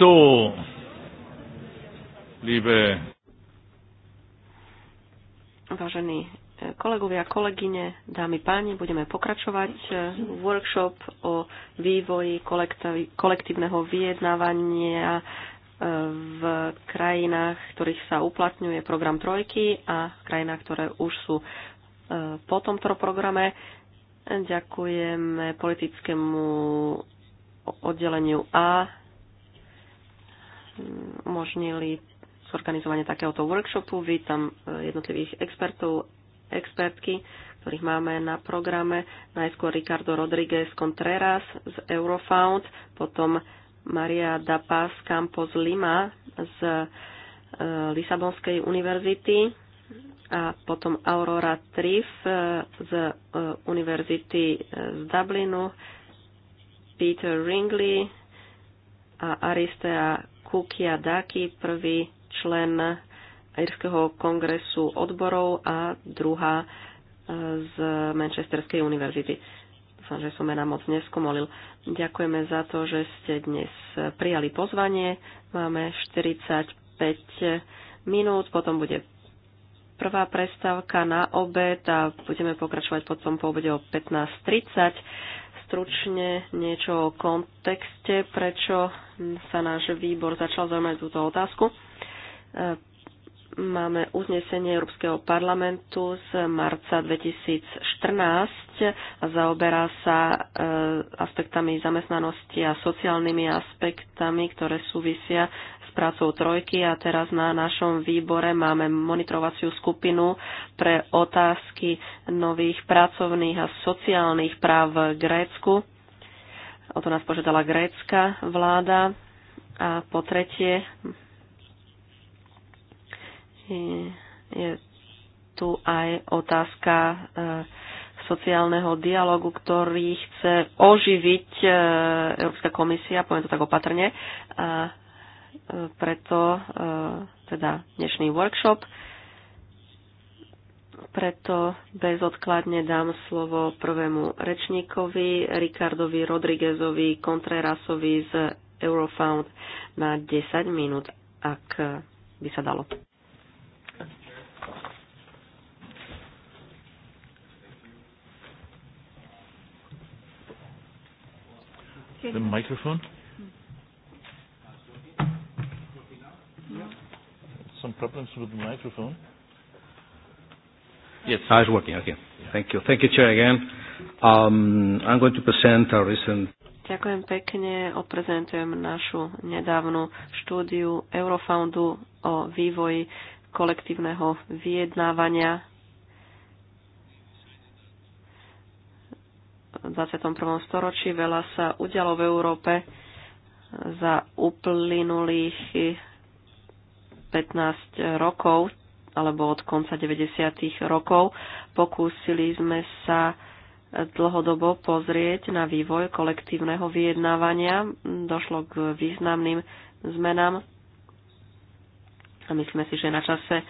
So, liebe Vážení e, kolegovia, kolegyne, dámy, páni, budeme pokračovať e, workshop o vývoji kolektívneho vyjednávania e, v krajinách, ktorých sa uplatňuje program Trojky a v krajinách, ktoré už sú po tomto programe. Ďakujeme politickému oddeleniu A umožnili zorganizovanie takéhoto workshopu. Vítam e, jednotlivých expertov, expertky, ktorých máme na programe. Najskôr Ricardo Rodriguez Contreras z Eurofound, potom Maria da Paz Campos Lima z e, Lisabonskej univerzity a potom Aurora Triff e, z univerzity z Dublinu, Peter Ringley a Aristea Kukia Daki, prvý člen Irského kongresu odborov a druhá e, z Manchesterskej univerzity. Dúfam, že som mena moc neskomolil. Ďakujeme za to, že ste dnes prijali pozvanie. Máme 45 minút, potom bude prvá prestávka na obed a budeme pokračovať potom po obede o 15.30 stručne niečo o kontexte, prečo sa náš výbor začal zaujímať túto otázku. E, máme uznesenie Európskeho parlamentu z marca 2014 a zaoberá sa e, aspektami zamestnanosti a sociálnymi aspektami, ktoré súvisia s prácou trojky a teraz na našom výbore máme monitorovaciu skupinu pre otázky nových pracovných a sociálnych práv v Grécku. O to nás požiadala grécka vláda. A po tretie je, je tu aj otázka e, sociálneho dialogu, ktorý chce oživiť e, Európska komisia, poviem to tak opatrne. A preto e, teda dnešný workshop. Preto bezodkladne dám slovo prvému rečníkovi, Ricardovi Rodriguezovi Contrerasovi z Eurofound na 10 minút, ak by sa dalo. The microphone. some problems with the microphone. Yes. Ah, it's working. Okay. Thank you. Thank you, Chair, again. Um, I'm going to present our recent Ďakujem pekne. Oprezentujem našu nedávnu štúdiu Eurofoundu o vývoji kolektívneho vyjednávania v 21. storočí. Veľa sa udialo v Európe za uplynulých 15 rokov alebo od konca 90. rokov. Pokúsili sme sa dlhodobo pozrieť na vývoj kolektívneho vyjednávania. Došlo k významným zmenám a myslíme si, že je na čase eh,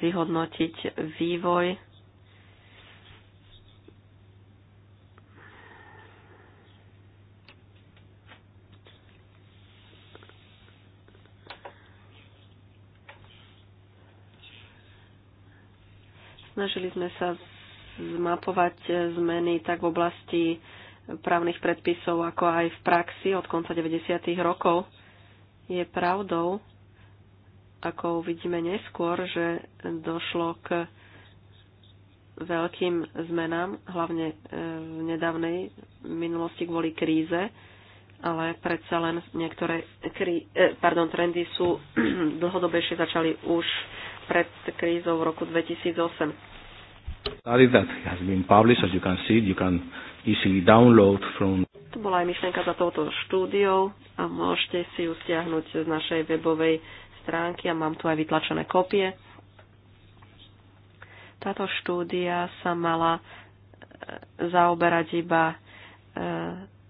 vyhodnotiť vývoj Snažili sme sa zmapovať zmeny tak v oblasti právnych predpisov, ako aj v praxi od konca 90. rokov. Je pravdou, ako uvidíme neskôr, že došlo k veľkým zmenám, hlavne e, v nedávnej minulosti kvôli kríze, ale predsa len niektoré krí, e, pardon, trendy sú dlhodobejšie začali už pred krízou v roku 2008 study that has been published, as you can see, you can easily download from... To bola aj myšlienka za touto štúdiou a môžete si ju stiahnuť z našej webovej stránky a mám tu aj vytlačené kopie. Táto štúdia sa mala e, zaoberať iba e,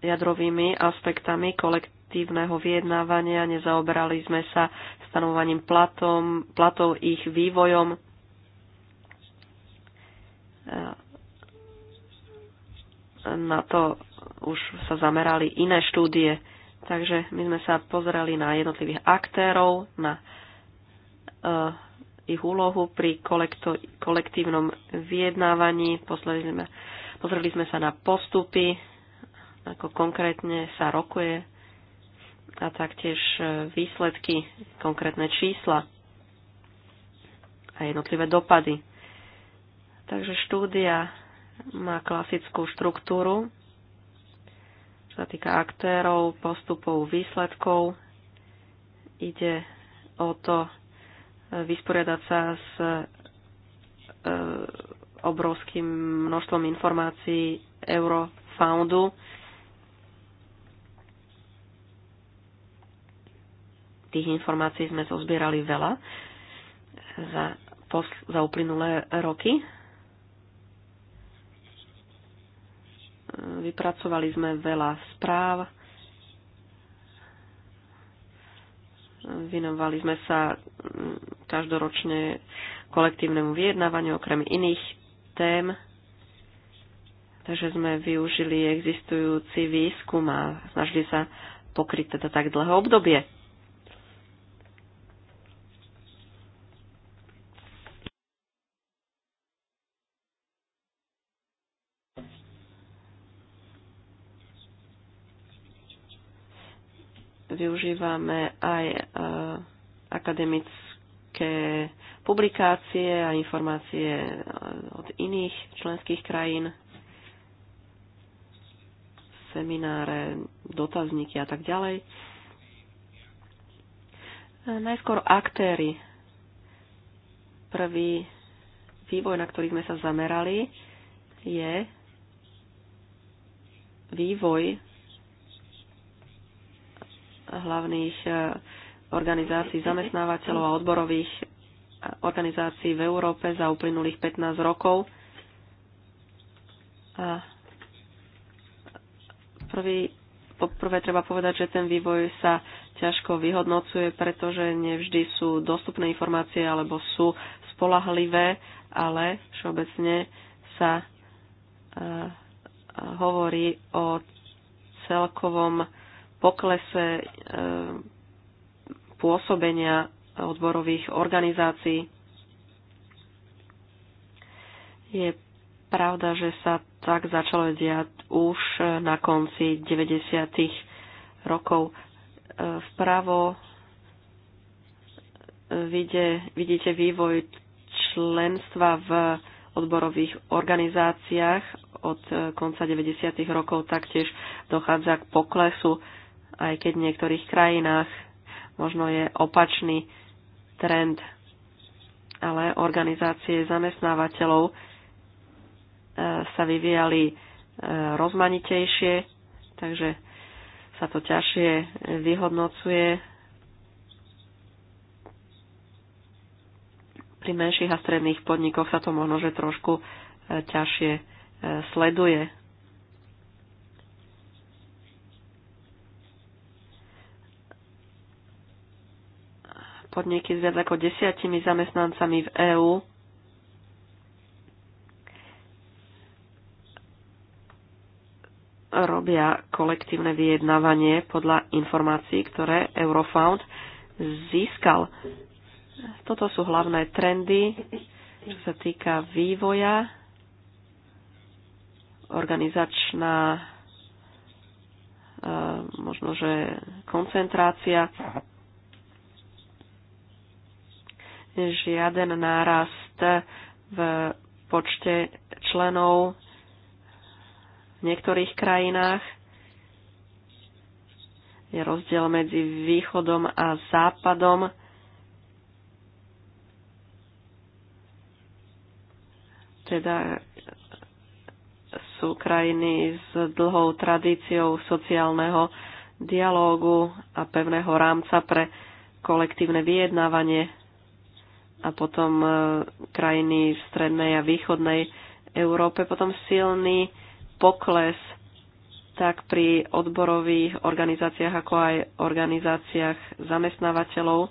jadrovými aspektami kolektívneho vyjednávania. Nezaoberali sme sa stanovaním platom, platov, ich vývojom, na to už sa zamerali iné štúdie. Takže my sme sa pozerali na jednotlivých aktérov, na uh, ich úlohu pri kolekto, kolektívnom vyjednávaní. Pozreli sme, pozreli sme sa na postupy, ako konkrétne sa rokuje a taktiež eh, výsledky, konkrétne čísla a jednotlivé dopady. Takže štúdia má klasickú štruktúru, čo sa týka aktérov, postupov, výsledkov. Ide o to e, vysporiadať sa s e, obrovským množstvom informácií Eurofoundu. Tých informácií sme zozbierali veľa za, za uplynulé roky Vypracovali sme veľa správ. Vynovali sme sa mm, každoročne kolektívnemu vyjednávaniu okrem iných tém. Takže sme využili existujúci výskum a snažili sa pokryť teda tak dlhé obdobie. Využívame aj e, akademické publikácie a informácie e, od iných členských krajín, semináre, dotazníky a tak ďalej. E, najskôr aktéry. Prvý vývoj, na ktorý sme sa zamerali, je vývoj hlavných e, organizácií zamestnávateľov a odborových e, organizácií v Európe za uplynulých 15 rokov. A prvý, poprvé treba povedať, že ten vývoj sa ťažko vyhodnocuje, pretože nevždy sú dostupné informácie alebo sú spolahlivé, ale všeobecne sa uh, hovorí o celkovom poklese e, pôsobenia odborových organizácií. Je pravda, že sa tak začalo diať už na konci 90. rokov. E, vpravo e, vidie, vidíte vývoj členstva v odborových organizáciách od konca 90. rokov taktiež dochádza k poklesu aj keď v niektorých krajinách možno je opačný trend, ale organizácie zamestnávateľov e, sa vyvíjali e, rozmanitejšie, takže sa to ťažšie vyhodnocuje. Pri menších a stredných podnikoch sa to možno, že trošku e, ťažšie sleduje podniky s viac ako desiatimi zamestnancami v EÚ robia kolektívne vyjednávanie podľa informácií, ktoré Eurofound získal. Toto sú hlavné trendy, čo sa týka vývoja. Organizačná eh, možno, že koncentrácia žiaden nárast v počte členov v niektorých krajinách. Je rozdiel medzi východom a západom. Teda sú krajiny s dlhou tradíciou sociálneho dialógu a pevného rámca pre kolektívne vyjednávanie a potom e, krajiny v strednej a východnej Európe, potom silný pokles tak pri odborových organizáciách, ako aj organizáciách zamestnávateľov,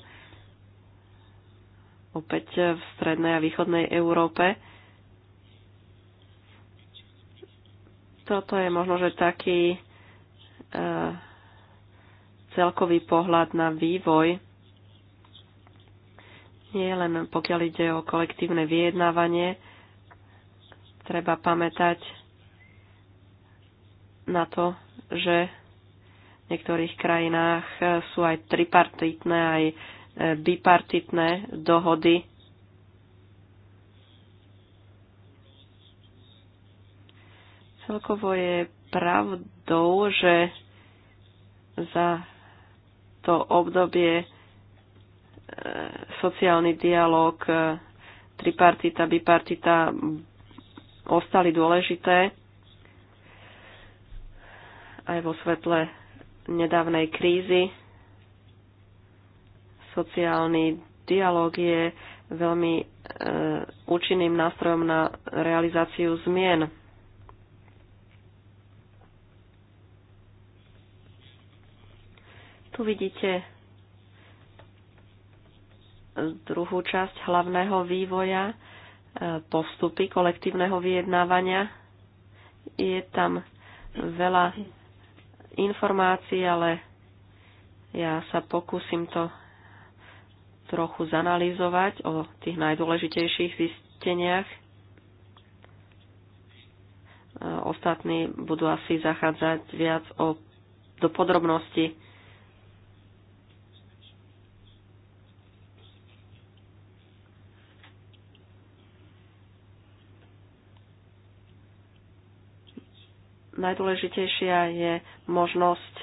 opäť v strednej a východnej Európe. Toto je možno, že taký e, celkový pohľad na vývoj nie len pokiaľ ide o kolektívne vyjednávanie, treba pamätať na to, že v niektorých krajinách sú aj tripartitné, aj e, bipartitné dohody. Celkovo je pravdou, že za to obdobie sociálny dialog, e, tripartita, bipartita ostali dôležité aj vo svetle nedávnej krízy. Sociálny dialog je veľmi e, účinným nástrojom na realizáciu zmien. Tu vidíte druhú časť hlavného vývoja, e, postupy kolektívneho vyjednávania. Je tam veľa informácií, ale ja sa pokúsim to trochu zanalizovať o tých najdôležitejších zisteniach. E, ostatní budú asi zachádzať viac o, do podrobnosti najdôležitejšia je možnosť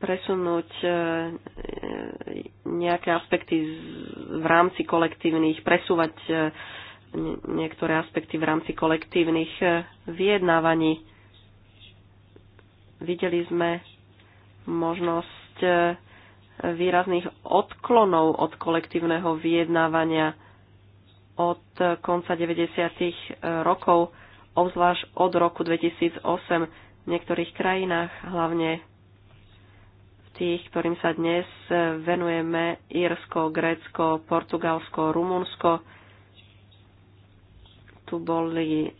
presunúť e, nejaké aspekty v rámci kolektívnych, presúvať e, niektoré aspekty v rámci kolektívnych e, vyjednávaní. Videli sme možnosť výrazných odklonov od kolektívneho vyjednávania od konca 90. E, rokov, obzvlášť od roku 2008 v niektorých krajinách, hlavne v tých, ktorým sa dnes venujeme, Írsko, Grécko, Portugalsko, Rumunsko. Tu boli e,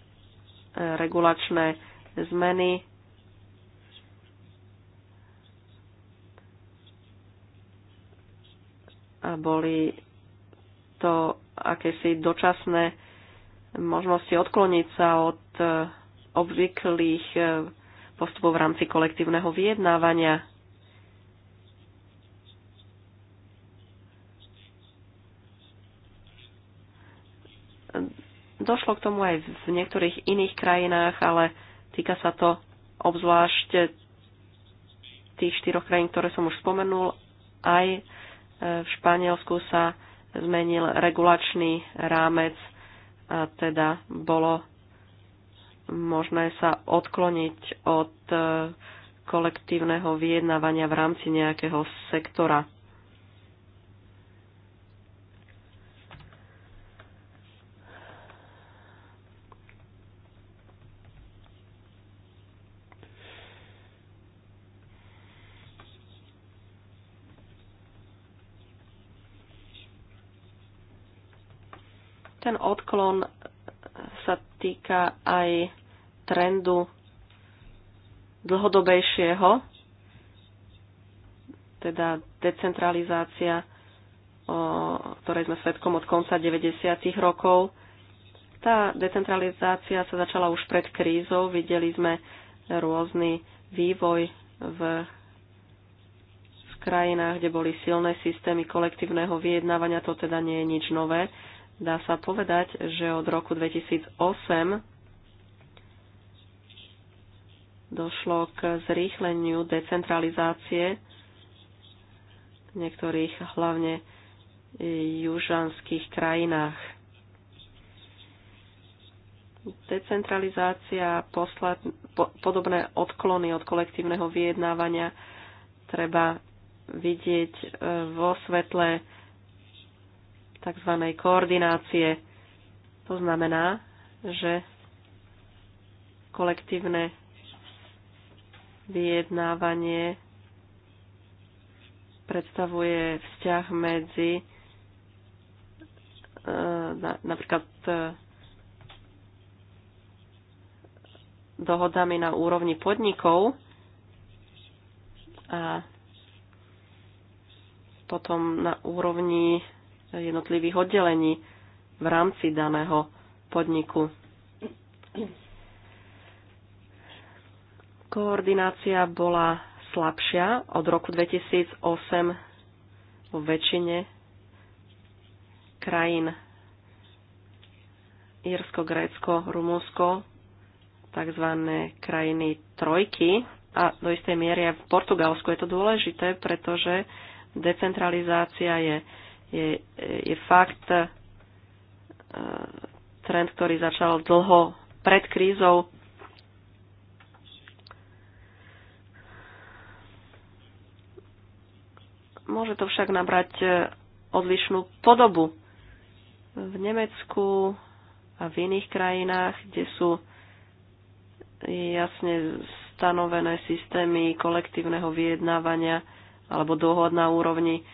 regulačné zmeny. A boli to akési dočasné možnosti odkloniť sa od e, obvyklých e, postupov v rámci kolektívneho vyjednávania. Došlo k tomu aj v niektorých iných krajinách, ale týka sa to obzvlášť tých štyroch krajín, ktoré som už spomenul. Aj e, v Španielsku sa zmenil regulačný rámec a teda bolo možné sa odkloniť od eh, kolektívneho vyjednávania v rámci nejakého sektora. odklon sa týka aj trendu dlhodobejšieho, teda decentralizácia, o ktorej sme svetkom od konca 90. rokov. Tá decentralizácia sa začala už pred krízou. Videli sme rôzny vývoj v krajinách, kde boli silné systémy kolektívneho vyjednávania, to teda nie je nič nové. Dá sa povedať, že od roku 2008 došlo k zrýchleniu decentralizácie v niektorých hlavne južanských krajinách. Decentralizácia, posla, po, podobné odklony od kolektívneho vyjednávania treba vidieť e, vo svetle tzv. koordinácie. To znamená, že kolektívne vyjednávanie predstavuje vzťah medzi e, napríklad e, dohodami na úrovni podnikov a potom na úrovni jednotlivých oddelení v rámci daného podniku. Koordinácia bola slabšia od roku 2008 vo väčšine krajín Írsko, Grécko, Rumunsko, tzv. krajiny trojky a do istej miery aj v Portugalsku je to dôležité, pretože decentralizácia je je, je fakt e, trend, ktorý začal dlho pred krízou. Môže to však nabrať e, odlišnú podobu. V Nemecku a v iných krajinách, kde sú jasne stanovené systémy kolektívneho vyjednávania alebo dohod na úrovni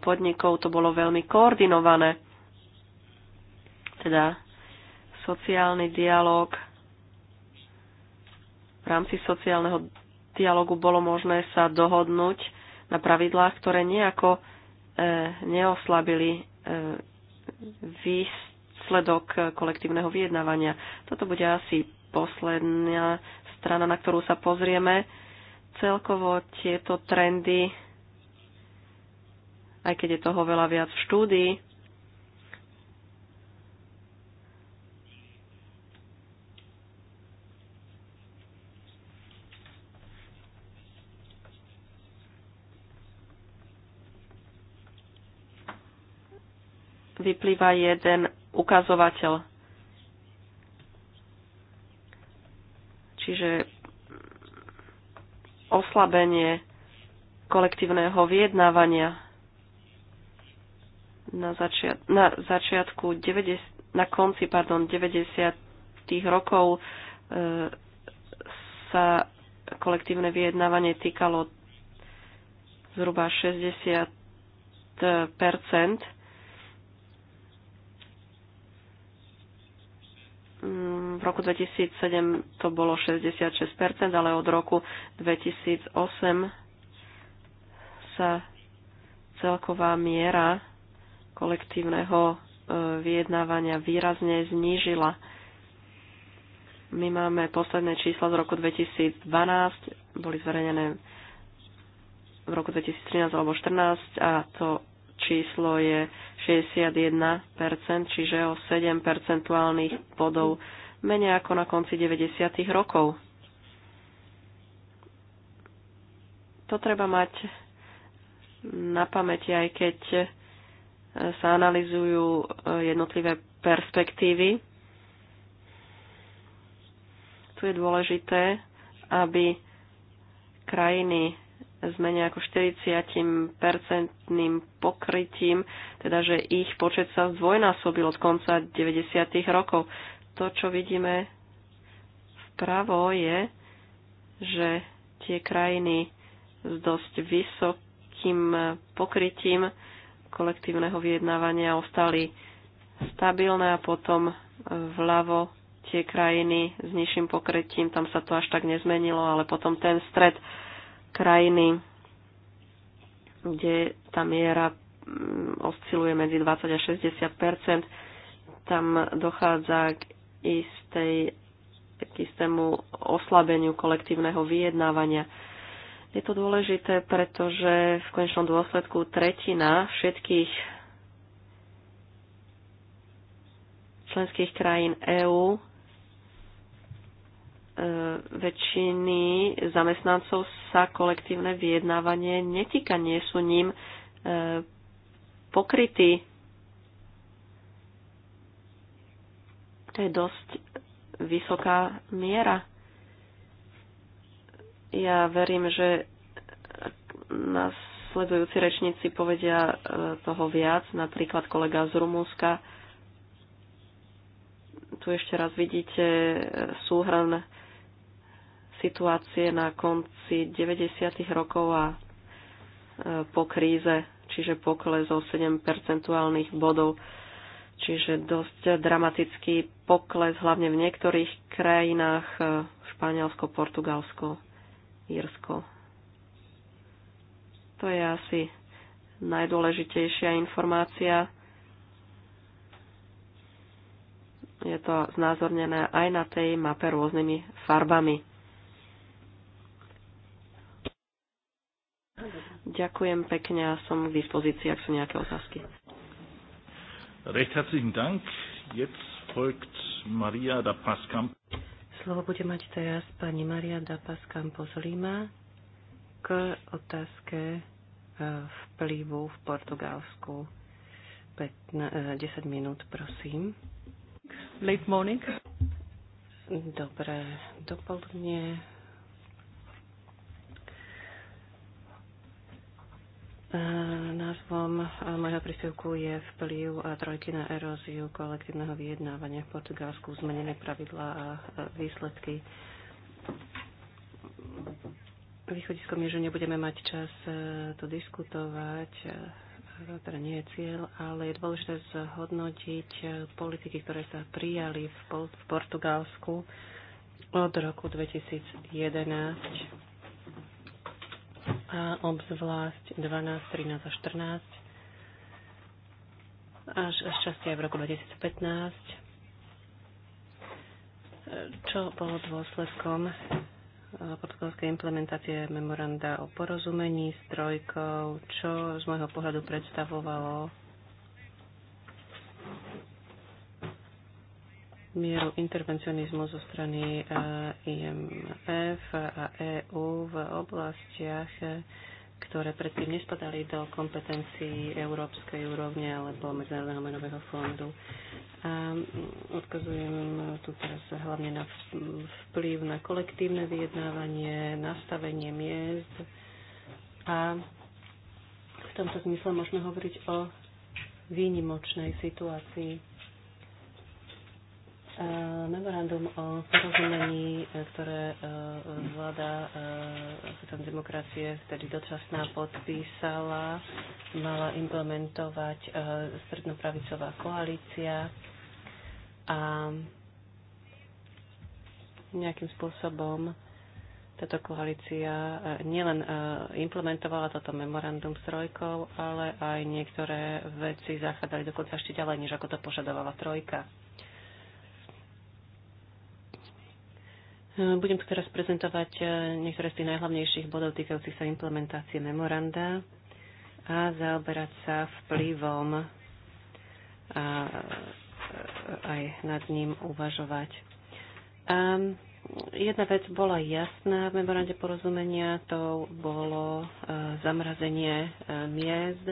podnikov to bolo veľmi koordinované. Teda sociálny dialog. V rámci sociálneho dialogu bolo možné sa dohodnúť na pravidlách, ktoré nejako e, neoslabili e, výsledok kolektívneho vyjednávania. Toto bude asi posledná strana, na ktorú sa pozrieme. Celkovo tieto trendy aj keď je toho veľa viac v štúdii. Vyplýva jeden ukazovateľ. Čiže oslabenie kolektívneho vyjednávania na, začiat, na začiatku 90, na konci pardon, 90. rokov e, sa kolektívne vyjednávanie týkalo zhruba 60 mm, V roku 2007 to bolo 66 ale od roku 2008 sa celková miera kolektívneho e, vyjednávania výrazne znížila. My máme posledné čísla z roku 2012, boli zverejnené v roku 2013 alebo 2014 a to číslo je 61%, čiže o 7 percentuálnych bodov menej ako na konci 90. rokov. To treba mať na pamäti, aj keď sa analizujú e, jednotlivé perspektívy. Tu je dôležité, aby krajiny s menej ako 40-percentným pokrytím, teda že ich počet sa zdvojnásobil od konca 90. rokov. To, čo vidíme vpravo, je, že tie krajiny s dosť vysokým pokrytím kolektívneho vyjednávania ostali stabilné a potom vľavo tie krajiny s nižším pokretím, tam sa to až tak nezmenilo, ale potom ten stred krajiny, kde tá miera mm, osciluje medzi 20 a 60 tam dochádza k, istej, k istému oslabeniu kolektívneho vyjednávania. Je to dôležité, pretože v konečnom dôsledku tretina všetkých členských krajín EÚ e, väčšiny zamestnancov sa kolektívne vyjednávanie netýka, nie sú ním e, pokrytí. To je dosť vysoká miera. Ja verím, že nás sledujúci rečníci povedia e, toho viac, napríklad kolega z Rumúnska. Tu ešte raz vidíte e, súhrn situácie na konci 90. rokov a e, po kríze, čiže pokles o 7 percentuálnych bodov, čiže dosť dramatický pokles, hlavne v niektorých krajinách Španielsko, Portugalsko. Írsko. To je asi najdôležitejšia informácia. Je to znázornené aj na tej mape rôznymi farbami. Ďakujem pekne a som k dispozícii, ak sú nejaké otázky. Recht herzlichen Dank. Jetzt folgt Maria da Paskamp. Slovo bude mať teraz pani Maria Dapas Campos Lima k otázke e, vplyvu v Portugalsku. 10 e, minút, prosím. Late morning. Dobré dopoludne, Názvom môjho príspevku je vplyv trojky na eróziu kolektívneho vyjednávania v Portugalsku, zmenené pravidlá a výsledky. Východiskom je, že nebudeme mať čas e, to diskutovať, teda nie je cieľ, ale je dôležité zhodnotiť politiky, ktoré sa prijali v Portugalsku od roku 2011 a obzvlášť 12, 13 a 14 až až časti aj v roku 2015, čo bolo dôsledkom eh, podkolskej implementácie memoranda o porozumení s trojkou, čo z môjho pohľadu predstavovalo mieru intervencionizmu zo strany eh, IMF a EÚ v oblastiach, eh, ktoré predtým nespadali do kompetencií európskej úrovne alebo Medzinárodného menového fondu. A mm, odkazujem eh, tu teraz hlavne na vplyv na kolektívne vyjednávanie, nastavenie miest a v tomto zmysle môžeme hovoriť o výnimočnej situácii E, memorandum o porozumení, e, ktoré e, vláda sociálne demokracie vtedy dočasná podpísala, mala implementovať strednopravicová koalícia a nejakým spôsobom táto koalícia nielen implementovala toto memorandum s trojkou, ale aj niektoré veci zachádzali dokonca ešte ďalej, než ako to požadovala trojka. Eh, budem tu teraz prezentovať eh, niektoré z tých najhlavnejších bodov týkajúcich sa implementácie memoranda a zaoberať sa vplyvom a eh, aj nad ním uvažovať. A ehm, jedna vec bola jasná v memorande porozumenia, to bolo zamrazenie miest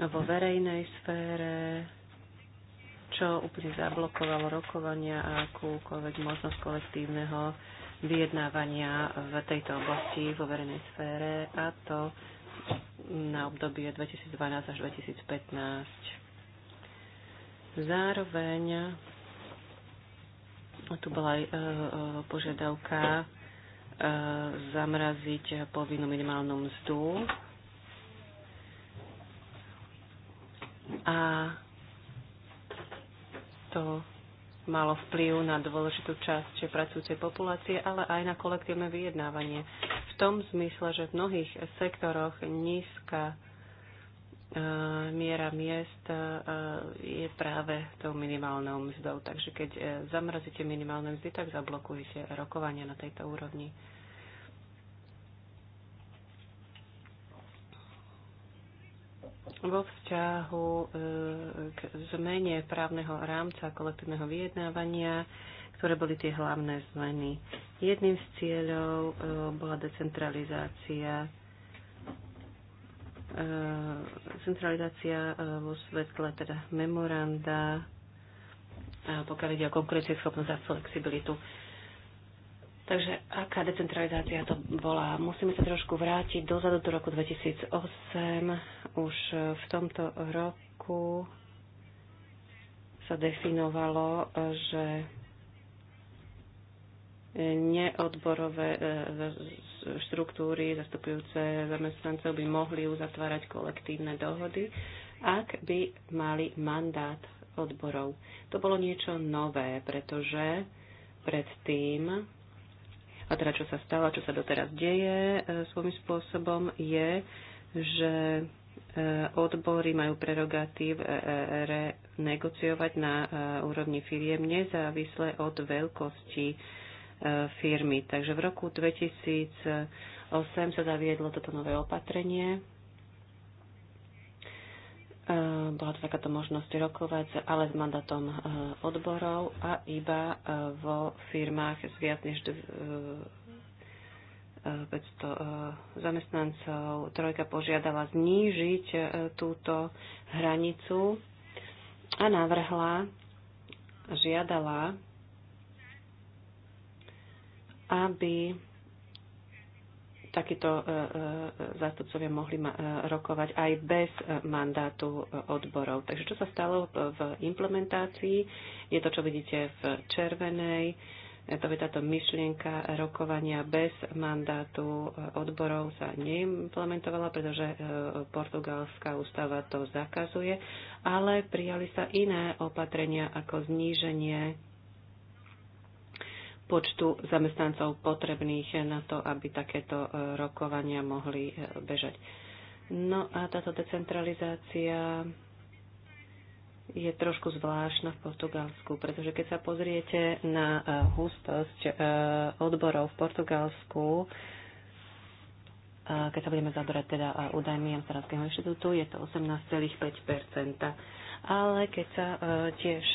vo verejnej sfére, čo úplne zablokovalo rokovania a akúkoľvek možnosť kolektívneho vyjednávania v tejto oblasti vo verejnej sfére a to na obdobie 2012 až 2015. Zároveň tu bola aj e, e, požiadavka e, zamraziť povinnú minimálnu mzdu a to malo vplyv na dôležitú časť pracujúcej populácie, ale aj na kolektívne vyjednávanie. V tom zmysle, že v mnohých sektoroch nízka e, miera miest e, je práve tou minimálnou mzdou. Takže keď e, zamrazíte minimálne mzdy, tak zablokujete rokovania na tejto úrovni. vo vzťahu e, k zmene právneho rámca kolektívneho vyjednávania, ktoré boli tie hlavné zmeny. Jedným z cieľov e, bola decentralizácia e, centralizácia vo svetle teda memoranda, pokiaľ ide o schopnosť a flexibilitu. Takže aká decentralizácia to bola? Musíme sa trošku vrátiť dozadu do roku 2008. Už v tomto roku sa definovalo, že neodborové e, e, štruktúry zastupujúce zamestnancov by mohli uzatvárať kolektívne dohody, ak by mali mandát odborov. To bolo niečo nové, pretože predtým a teda čo sa stalo, čo sa doteraz deje e, svojím spôsobom, je, že e, odbory majú prerogatív e, renegociovať na úrovni firiem nezávisle od veľkosti firmy. Takže v roku 2008 sa zaviedlo toto nové opatrenie E, bola to takáto možnosť rokovať, ale s mandatom e, odborov a iba e, vo firmách s viac než 500 zamestnancov. Trojka požiadala znížiť túto hranicu a navrhla, žiadala, aby takíto e, e, zástupcovia mohli e, rokovať aj bez mandátu odborov. Takže čo sa stalo v implementácii, je to, čo vidíte v červenej. To je táto myšlienka rokovania bez mandátu odborov sa neimplementovala, pretože portugalská ústava to zakazuje, ale prijali sa iné opatrenia ako zníženie počtu zamestnancov potrebných na to, aby takéto e, rokovania mohli e, bežať. No a táto decentralizácia je trošku zvláštna v Portugalsku, pretože keď sa pozriete na e, hustosť odborov v Portugalsku, keď sa budeme zaberať teda údajmi Amsterdamského inštitútu, je to 18,5 Ale keď sa tiež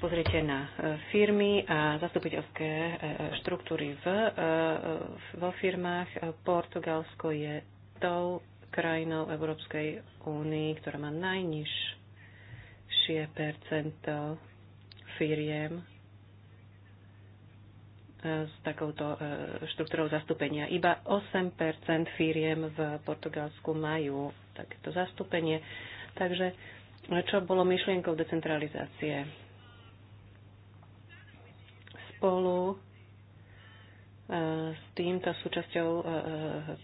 pozriete na e, firmy a zastupiteľské e, e, štruktúry v, vo firmách, Portugalsko je tou krajinou Európskej únii, ktorá má najnižšie percento firiem s takouto štruktúrou zastúpenia. Iba 8 firiem v Portugalsku majú takéto zastúpenie. Takže čo bolo myšlienkou decentralizácie? spolu e, s týmto súčasťou e, e,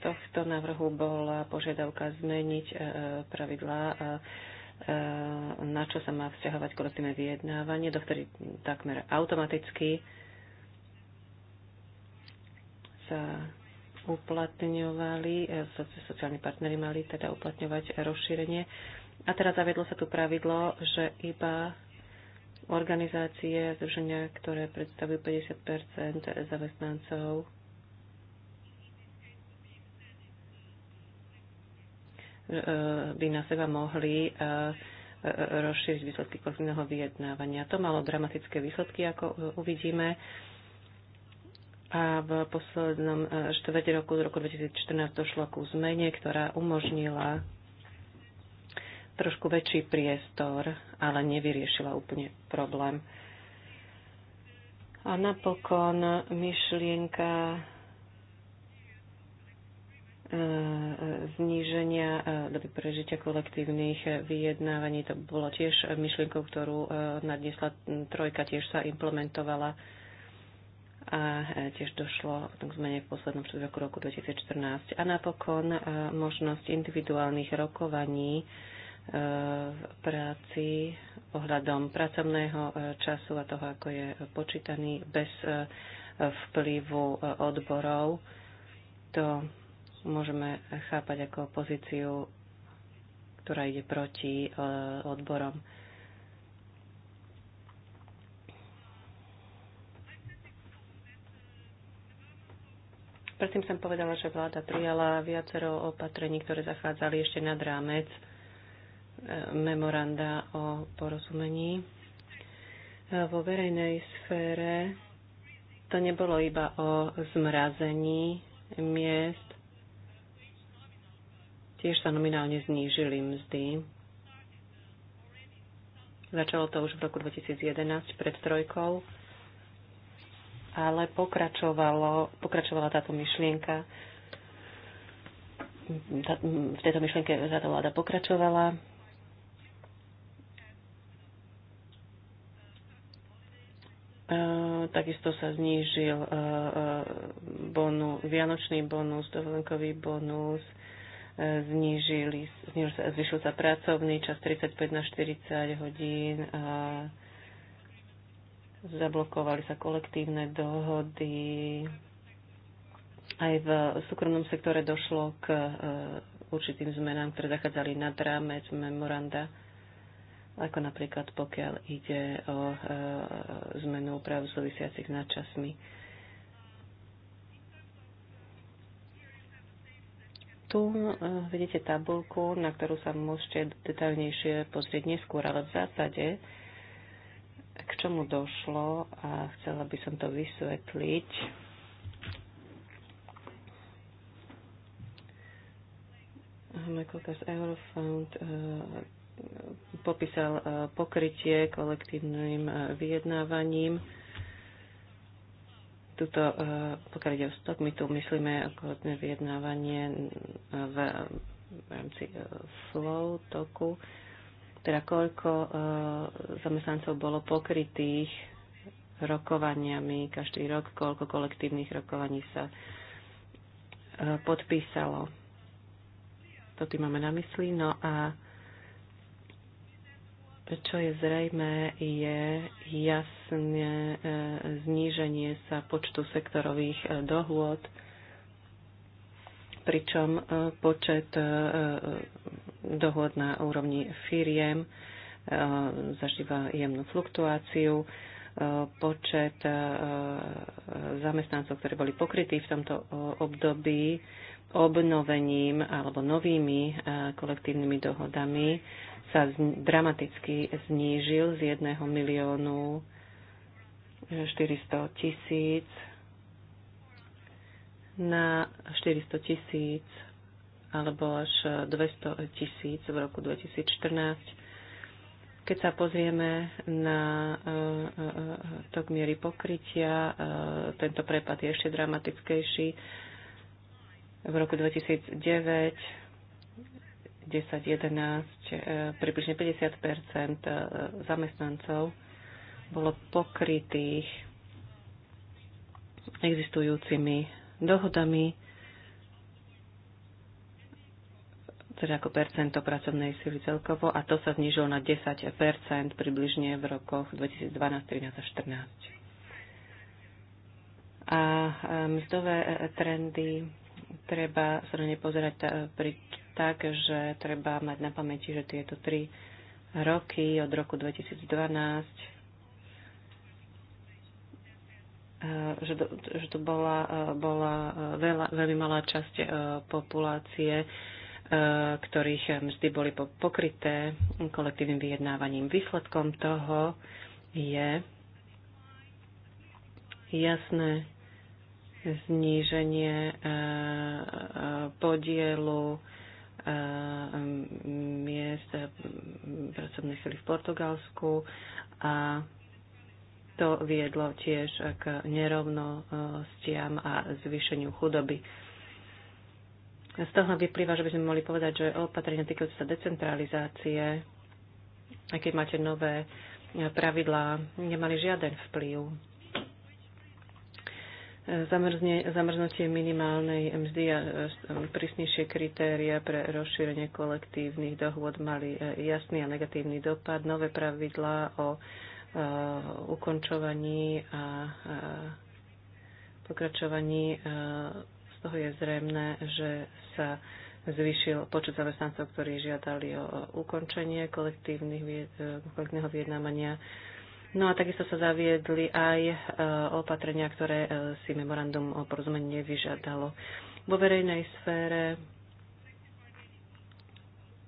tohto návrhu bola požiadavka zmeniť pravidlá, na čo sa má vzťahovať kolektívne vyjednávanie, do ktorých takmer automaticky sa uplatňovali, sociálni partnery mali teda uplatňovať rozšírenie. A teraz zaviedlo sa tu pravidlo, že iba organizácie a združenia, ktoré predstavujú 50 zamestnancov. E, by na seba mohli e, e, rozšíriť výsledky kolektívneho vyjednávania. To malo dramatické výsledky, ako uvidíme. A v poslednom štvrte roku, z roku 2014, došlo ku zmene, ktorá umožnila trošku väčší priestor, ale nevyriešila úplne problém. A napokon myšlienka e, zníženia e, doby prežitia kolektívnych vyjednávaní. To bolo tiež myšlienkou, ktorú e, nadnesla trojka, tiež sa implementovala a tiež došlo k zmene v poslednom štvrťroku roku 2014. A napokon možnosť individuálnych rokovaní v práci ohľadom pracovného e, času a toho, ako je počítaný bez e, vplyvu e, odborov. To môžeme chápať ako pozíciu, ktorá ide proti odborom. Predtým som povedala, že vláda prijala viacero opatrení, ktoré zachádzali ešte nad rámec memoranda o porozumení. Vo verejnej sfére to nebolo iba o zmrazení miest, tiež sa nominálne znížili mzdy. Začalo to už v roku 2011 pred trojkou, ale pokračovalo, pokračovala táto myšlienka. V tejto myšlienke táto vláda pokračovala Takisto sa znížil eh, eh, bonu, vianočný bonus, dovolenkový bonus, eh, znížili, znížil sa, zvyšil sa pracovný čas 35 na 40 hodín, a zablokovali sa kolektívne dohody. Aj v súkromnom sektore došlo k určitým zmenám, ktoré zachádzali nad rámec memoranda ako napríklad pokiaľ ide o e, zmenu práv súvisiacich s nadčasmi. Tu e, vidíte tabulku, na ktorú sa môžete detaľnejšie pozrieť neskôr, ale v zásade k čomu došlo a chcela by som to vysvetliť. Michael z Eurofound e, popísal e, pokrytie kolektívnym e, vyjednávaním. Tuto, e, pokiaľ ide o stok, my tu myslíme kolektívne vyjednávanie v rámci flow toku, teda koľko zamestnancov bolo pokrytých rokovaniami každý rok, koľko kolektívnych rokovaní sa podpísalo. To tým máme na mysli. No a čo je zrejme, je jasné e, zníženie sa počtu sektorových e, dohôd, pričom e, počet dohôd na úrovni firiem zažíva jemnú fluktuáciu. Počet zamestnancov, ktorí boli pokrytí v tomto období obnovením alebo novými kolektívnymi dohodami, sa dramaticky znížil z 1 miliónu 400 e, tisíc na 400 tisíc alebo až 200 tisíc v roku 2014. Keď sa pozrieme na e, e, tok miery pokrytia, tento prepad je ešte dramatickejší. V roku 2009 10-11, e, približne 50 e, zamestnancov bolo pokrytých existujúcimi dohodami, teda ako percento pracovnej sily celkovo, a to sa znižilo na 10 približne v rokoch 2012, 13 a 2014. A e, mzdové trendy treba sa do nej pozerať pri, tak, že treba mať na pamäti, že tieto tri roky od roku 2012 e, že, to, že to bola, e, bola e, veľa, veľmi malá časť populácie, ktorých mzdy boli pokryté kolektívnym vyjednávaním. Výsledkom toho je jasné zníženie eh, eh, podielu eh, miest pracovnej sily v Portugalsku a to viedlo tiež k nerovnostiam a zvýšeniu chudoby. Z toho vyplýva, že by sme mohli povedať, že opatrenia týkajúce sa decentralizácie, keď máte nové pravidlá, nemali žiaden vplyv zamrzne, zamrznutie minimálnej mzdy a e, prísnejšie kritéria pre rozšírenie kolektívnych dohôd mali e, jasný a negatívny dopad. Nové pravidlá o e, ukončovaní a pokračovaní z toho je zrejme, že sa zvýšil počet zamestnancov, ktorí žiadali o ukončenie kolektívneho vyjednávania No a takisto sa zaviedli aj e, opatrenia, ktoré e, si memorandum o porozumení nevyžiadalo. Vo verejnej sfére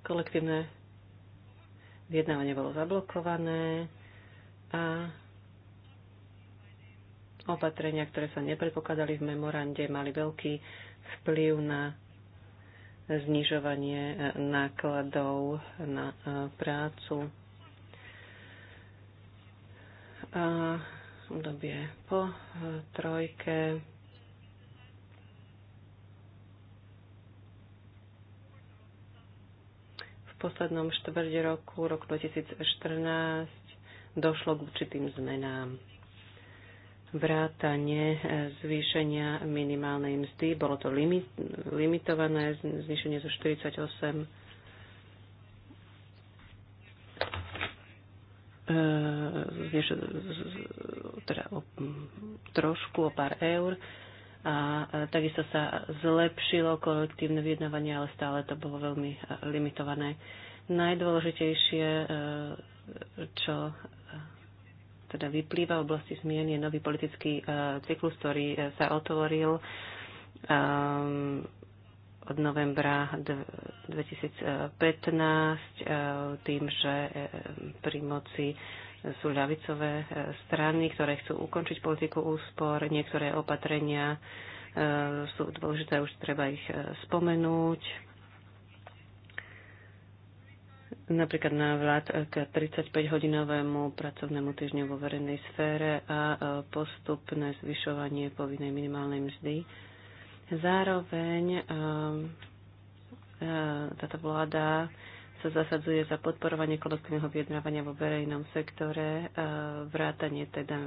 kolektívne vyjednávanie bolo zablokované a opatrenia, ktoré sa nepredpokladali v memorande, mali veľký vplyv na znižovanie e, nákladov na prácu. A obdobie po e, trojke. V poslednom štvrde roku, rok 2014, došlo k určitým zmenám. Vrátanie e, zvýšenia minimálnej mzdy, bolo to limitované, zvýšenie zo 48 než, e, teda o, trošku, o pár eur. A e, takisto sa zlepšilo kolektívne vyjednávanie, ale stále to bolo veľmi e, limitované. Najdôležitejšie, čo teda vyplýva v oblasti zmien, je nový politický cyklus, ktorý sa otvoril ehm, od novembra 2015 e, tým, že e, pri moci sú ľavicové e, strany, ktoré chcú ukončiť politiku úspor. Niektoré opatrenia sú dôležité, už treba ich spomenúť. Napríklad na vlád k 35-hodinovému pracovnému týždňu vo verejnej sfére a postupné zvyšovanie povinnej minimálnej mzdy. Zároveň ehm, ehm, táto vláda sa zasadzuje za podporovanie kolektívneho vyjednávania vo verejnom sektore, ehm, vrátanie teda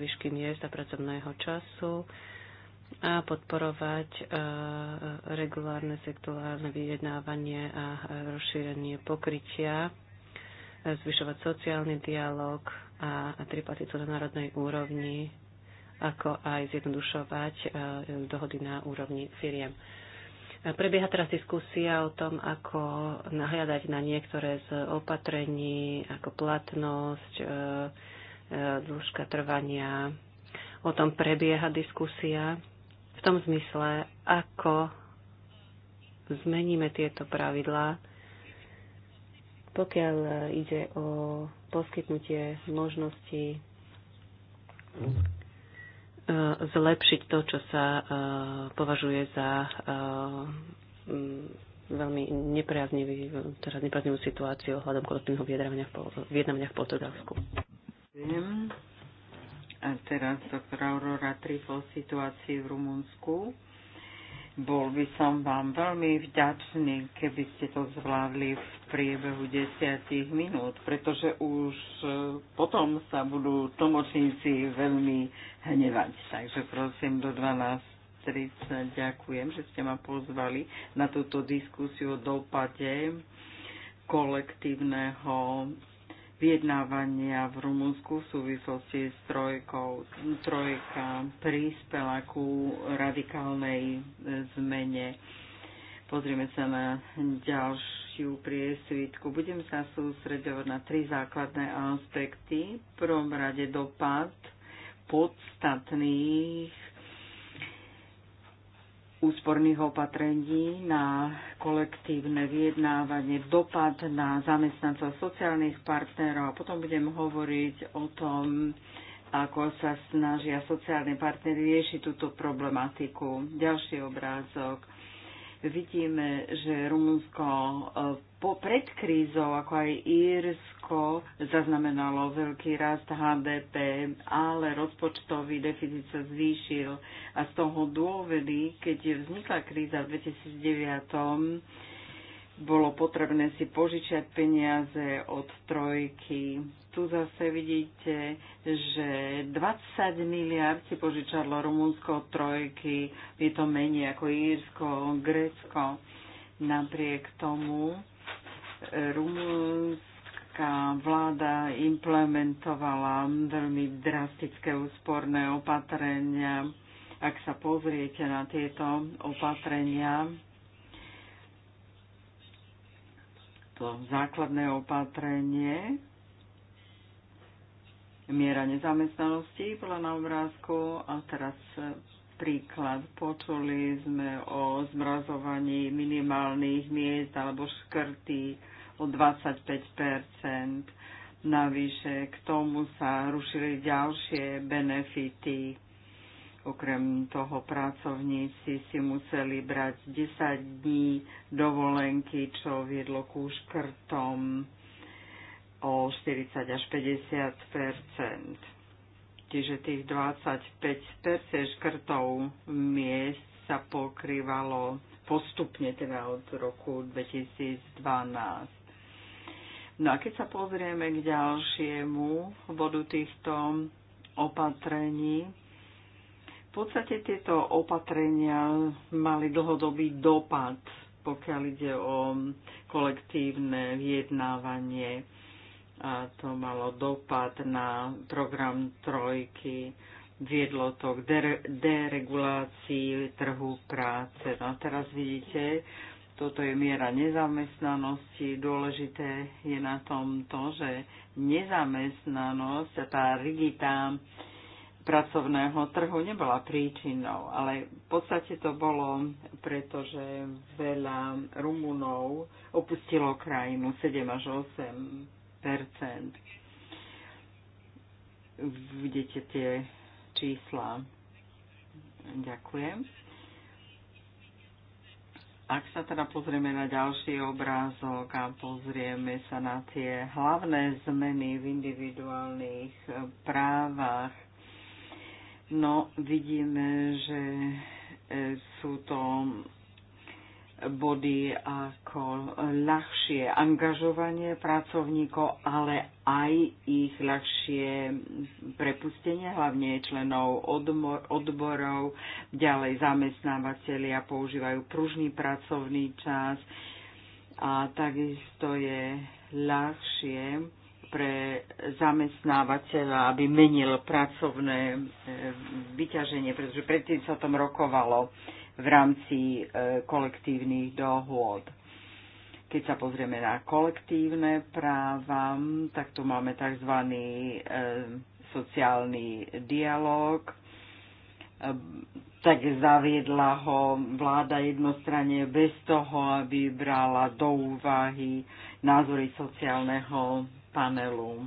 výšky miest a pracovného času a podporovať regulárne sektorálne vyjednávanie a rozšírenie pokrytia, zvyšovať sociálny dialog a tripartitu na národnej úrovni ako aj zjednodušovať e, dohody na úrovni firiem. E, prebieha teraz diskusia o tom, ako nahľadať na niektoré z opatrení, ako platnosť, e, dĺžka trvania. O tom prebieha diskusia v tom zmysle, ako zmeníme tieto pravidlá, pokiaľ ide o poskytnutie možností zlepšiť to, čo sa eh, považuje za eh, veľmi nepriaznivý, teda nepriaznivú situáciu ohľadom kolektívneho vyjednávania v, vyjednávania v Portugalsku. A teraz doktor Aurora Trifol situácii v Rumunsku. Bol by som vám veľmi vďačný, keby ste to zvládli v priebehu desiatich minút, pretože už e, potom sa budú tlmočníci veľmi hnevať. Takže prosím do 12.30 ďakujem, že ste ma pozvali na túto diskusiu o dopade kolektívneho vyjednávania v Rumunsku v súvislosti s trojkou, trojka prispela ku radikálnej e, zmene. Pozrieme sa na ďalšiu priesvitku. Budem sa sústredovať na tri základné aspekty. V prvom rade dopad podstatných úsporných opatrení na kolektívne vyjednávanie, dopad na zamestnancov sociálnych partnerov a potom budem hovoriť o tom, ako sa snažia sociálne partnery riešiť túto problematiku. Ďalší obrázok. Vidíme, že Rumunsko e, po pred krízou, ako aj Írsko, zaznamenalo veľký rast HDP, ale rozpočtový deficit sa zvýšil a z toho dôvedy, keď vznikla kríza v 2009, bolo potrebné si požičať peniaze od trojky. Tu zase vidíte, že 20 miliard si požičalo Rumunsko od trojky, je to menej ako Írsko, Grécko. Napriek tomu Rumúnska vláda implementovala veľmi drastické úsporné opatrenia. Ak sa pozriete na tieto opatrenia, to základné opatrenie, miera nezamestnanosti bola na obrázku a teraz Napríklad počuli sme o zmrazovaní minimálnych miest alebo škrty o 25 Navyše k tomu sa rušili ďalšie benefity. Okrem toho pracovníci si museli brať 10 dní dovolenky, čo viedlo ku škrtom o 40 až 50 čiže tých 25 škrtov miest sa pokrývalo postupne teda od roku 2012. No a keď sa pozrieme k ďalšiemu bodu týchto opatrení, v podstate tieto opatrenia mali dlhodobý dopad, pokiaľ ide o kolektívne vyjednávanie a to malo dopad na program trojky, viedlo to k deregulácii trhu práce. No a teraz vidíte, toto je miera nezamestnanosti. Dôležité je na tom to, že nezamestnanosť a tá rigidá pracovného trhu nebola príčinou, ale v podstate to bolo, pretože veľa Rumunov opustilo krajinu 7 až 8 Vidíte tie čísla. Ďakujem. Ak sa teda pozrieme na ďalší obrázok a pozrieme sa na tie hlavné zmeny v individuálnych právach, no vidíme, že e, sú to body ako ľahšie angažovanie pracovníkov, ale aj ich ľahšie prepustenie, hlavne členov odborov. Ďalej zamestnávateľia používajú pružný pracovný čas a takisto je ľahšie pre zamestnávateľa, aby menil pracovné e, vyťaženie, pretože predtým sa o tom rokovalo v rámci e, kolektívnych dohôd. Keď sa pozrieme na kolektívne práva, tak tu máme tzv. E, sociálny dialog. E, tak zaviedla ho vláda jednostranne bez toho, aby brala do úvahy názory sociálneho panelu.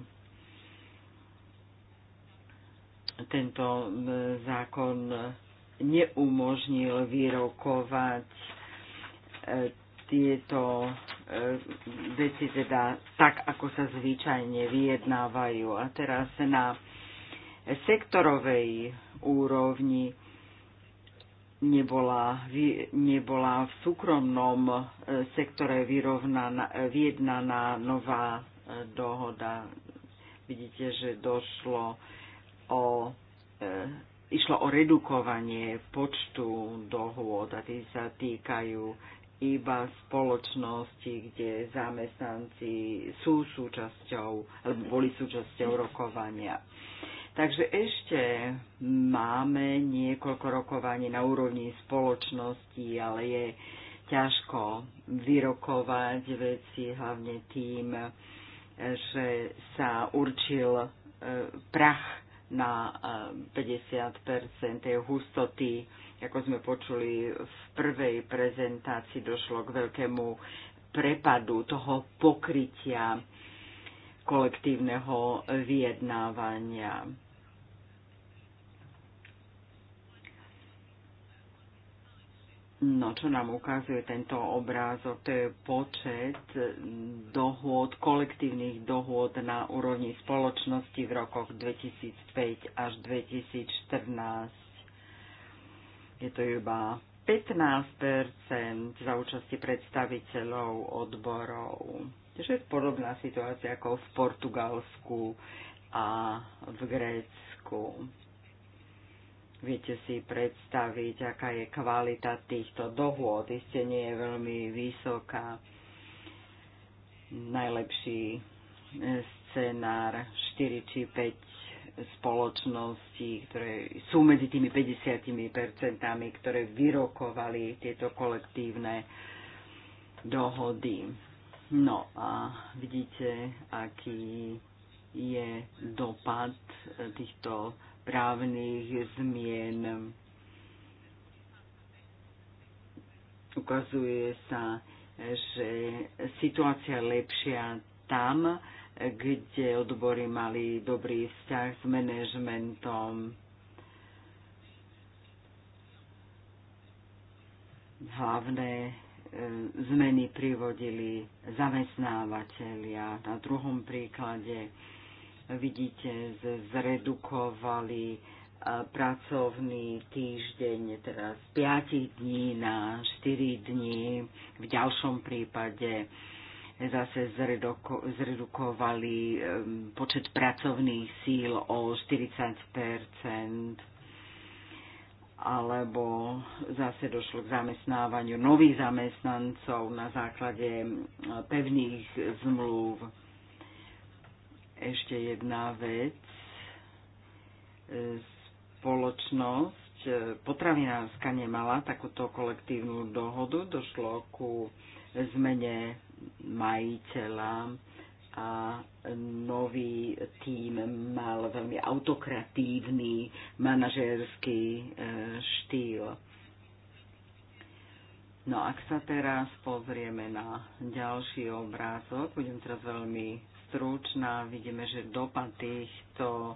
Tento zákon neumožnil vyrokovať e, tieto e, veci teda tak, ako sa zvyčajne vyjednávajú. A teraz na sektorovej úrovni nebola, nebola v súkromnom e, sektore vyjednaná nová dohoda. Vidíte, že došlo o išlo o redukovanie počtu dohôd a tie sa týkajú iba spoločnosti, kde zamestnanci sú súčasťou, alebo boli súčasťou rokovania. Takže ešte máme niekoľko rokovaní na úrovni spoločnosti, ale je ťažko vyrokovať veci hlavne tým, že sa určil e, prach na 50 eh, tej hustoty. Ako sme počuli v prvej prezentácii, došlo k veľkému prepadu toho pokrytia kolektívneho vyjednávania No, čo nám ukazuje tento obrázok, to je počet e, dohôd, kolektívnych dohôd na úrovni spoločnosti v rokoch 2005 až 2014. Je to iba 15 za účasti predstaviteľov odborov. Čiže je podobná situácia ako v Portugalsku a v Grécku. Viete si predstaviť, aká je kvalita týchto dohôd. Isté nie je veľmi vysoká. Najlepší e, scenár 4 či 5 spoločností, ktoré sú medzi tými 50 percentami, ktoré vyrokovali tieto kolektívne dohody. No a vidíte, aký je dopad týchto právnych zmien. Ukazuje sa, že situácia lepšia tam, kde odbory mali dobrý vzťah s manažmentom. Hlavné e, zmeny privodili zamestnávateľia. Na druhom príklade vidíte, zredukovali e, pracovný týždeň, teraz z 5 dní na 4 dní, v ďalšom prípade zase zredukovali e, počet pracovných síl o 40 alebo zase došlo k zamestnávaniu nových zamestnancov na základe e, pevných zmluv ešte jedna vec. E, spoločnosť e, potravinárska nemala takúto kolektívnu dohodu. Došlo ku zmene majiteľa a nový tím mal veľmi autokratívny manažérsky e, štýl. No ak sa teraz pozrieme na ďalší obrázok, budem teraz veľmi stručná. Vidíme, že dopad týchto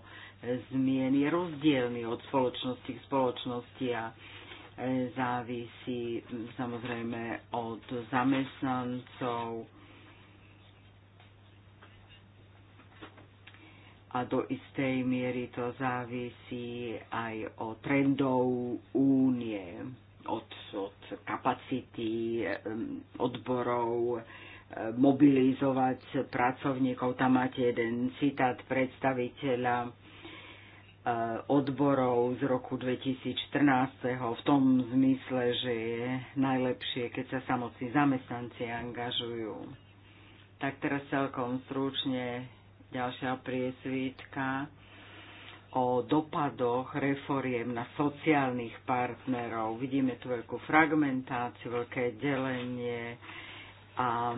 zmien je rozdielný od spoločnosti k spoločnosti a e, závisí samozrejme od zamestnancov a do istej miery to závisí aj od trendov únie, od, od kapacity odborov, mobilizovať pracovníkov. Tam máte jeden citát predstaviteľa e, odborov z roku 2014. v tom zmysle, že je najlepšie, keď sa samotní zamestnanci angažujú. Tak teraz celkom stručne ďalšia priesvítka o dopadoch reforiem na sociálnych partnerov. Vidíme tu veľkú fragmentáciu, veľké delenie, a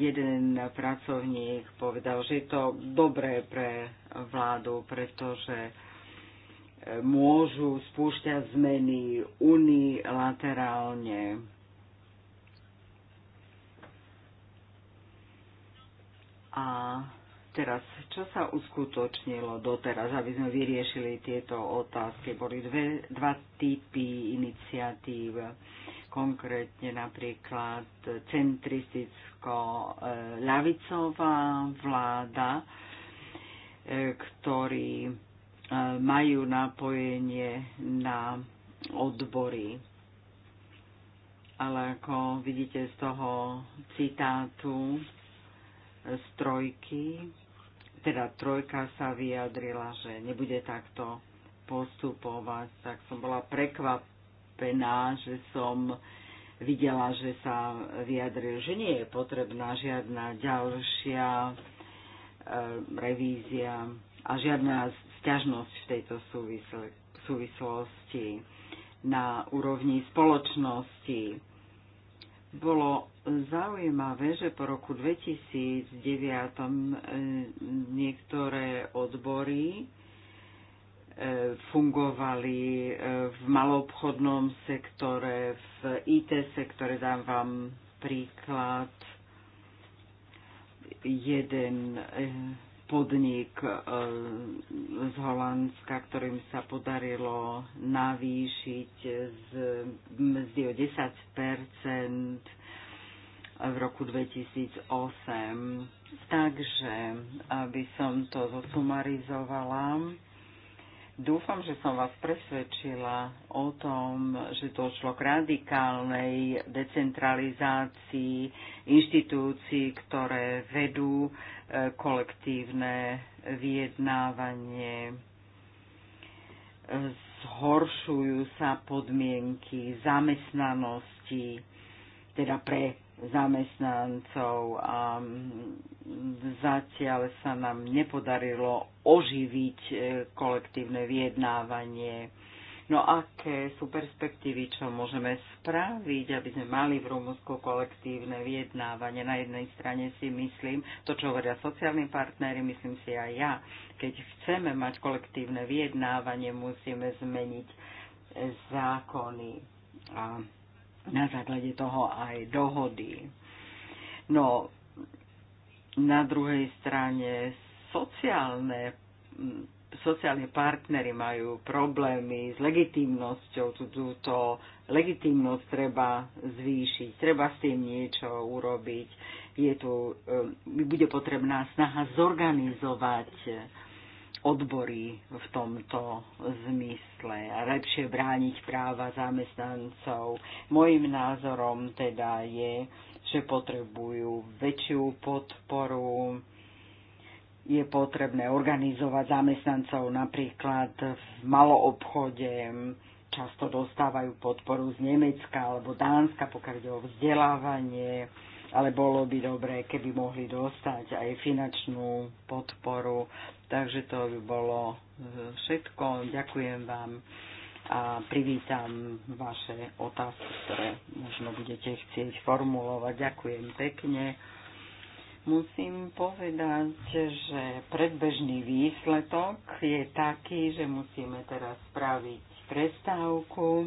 jeden pracovník povedal, že je to dobré pre vládu, pretože e, môžu spúšťať zmeny unilaterálne. A teraz, čo sa uskutočnilo doteraz, aby sme vyriešili tieto otázky? Boli dve, dva typy iniciatív konkrétne napríklad centristicko-ľavicová vláda, e, ktorí e, majú napojenie na odbory. Ale ako vidíte z toho citátu e, z trojky, teda trojka sa vyjadrila, že nebude takto postupovať, tak som bola prekvapená prekvapená, že som videla, že sa vyjadril, že nie je potrebná žiadna ďalšia e, revízia a žiadna sťažnosť v tejto súvisl- súvislosti na úrovni spoločnosti. Bolo zaujímavé, že po roku 2009 e, niektoré odbory fungovali e, v maloobchodnom sektore, v IT sektore, dám vám príklad. Jeden e, podnik e, z Holandska, ktorým sa podarilo navýšiť z mzdy o 10 v roku 2008. Takže, aby som to zosumarizovala, Dúfam, že som vás presvedčila o tom, že došlo k radikálnej decentralizácii inštitúcií, ktoré vedú e, kolektívne vyjednávanie. E, zhoršujú sa podmienky zamestnanosti, teda pre zamestnancov a zatiaľ sa nám nepodarilo oživiť e, kolektívne vyjednávanie. No aké sú perspektívy, čo môžeme spraviť, aby sme mali v Rumunsku kolektívne vyjednávanie? Na jednej strane si myslím, to, čo hovoria sociálni partnery, myslím si aj ja, keď chceme mať kolektívne vyjednávanie, musíme zmeniť zákony. A na základe toho aj dohody. No, na druhej strane sociálne, sociálni partnery majú problémy s legitimnosťou, túto legitimnosť treba zvýšiť, treba s tým niečo urobiť. Je tu, e, bude potrebná snaha zorganizovať odbory v tomto zmysle a lepšie brániť práva zamestnancov. Mojím názorom teda je, že potrebujú väčšiu podporu, je potrebné organizovať zamestnancov napríklad v maloobchode, často dostávajú podporu z Nemecka alebo Dánska, pokiaľ ide o vzdelávanie, ale bolo by dobré, keby mohli dostať aj finančnú podporu. Takže to by bolo všetko. Ďakujem vám a privítam vaše otázky, ktoré možno budete chcieť formulovať. Ďakujem pekne. Musím povedať, že predbežný výsledok je taký, že musíme teraz spraviť prestávku.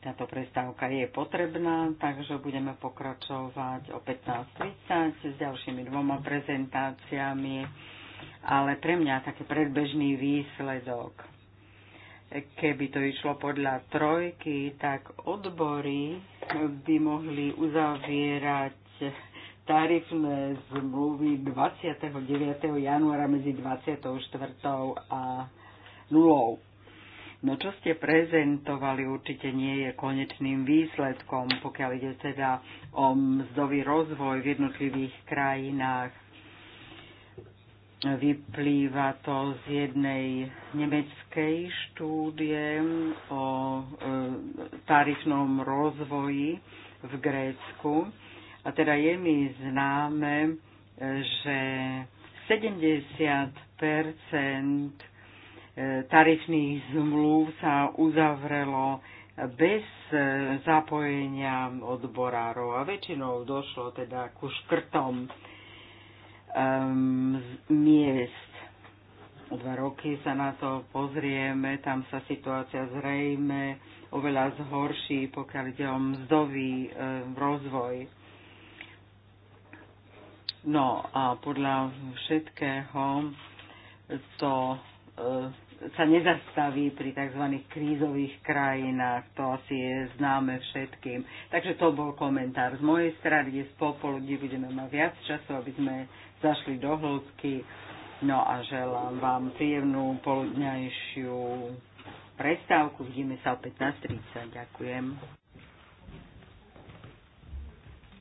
Táto prestávka je potrebná, takže budeme pokračovať o 15.30 s ďalšími dvoma prezentáciami, ale pre mňa taký predbežný výsledok. Keby to išlo podľa trojky, tak odbory by mohli uzavierať tarifné zmluvy 29. januára medzi 24. a 0. No čo ste prezentovali určite nie je konečným výsledkom, pokiaľ ide teda o mzdový rozvoj v jednotlivých krajinách. Vyplýva to z jednej nemeckej štúdie o e, tarifnom rozvoji v Grécku. A teda je mi známe, e, že 70 tarifných zmluv sa uzavrelo bez e, zapojenia odborárov a väčšinou došlo teda ku škrtom um, miest. Dva roky sa na to pozrieme, tam sa situácia zrejme oveľa zhorší, pokiaľ ide o mzdový um, rozvoj. No a podľa všetkého to um, sa nezastaví pri tzv. krízových krajinách. To asi je známe všetkým. Takže to bol komentár z mojej strany. Dnes popoludne budeme mať viac času, aby sme zašli do hĺbky. No a želám vám príjemnú poludňajšiu prestávku. Vidíme sa o 15.30. Ďakujem.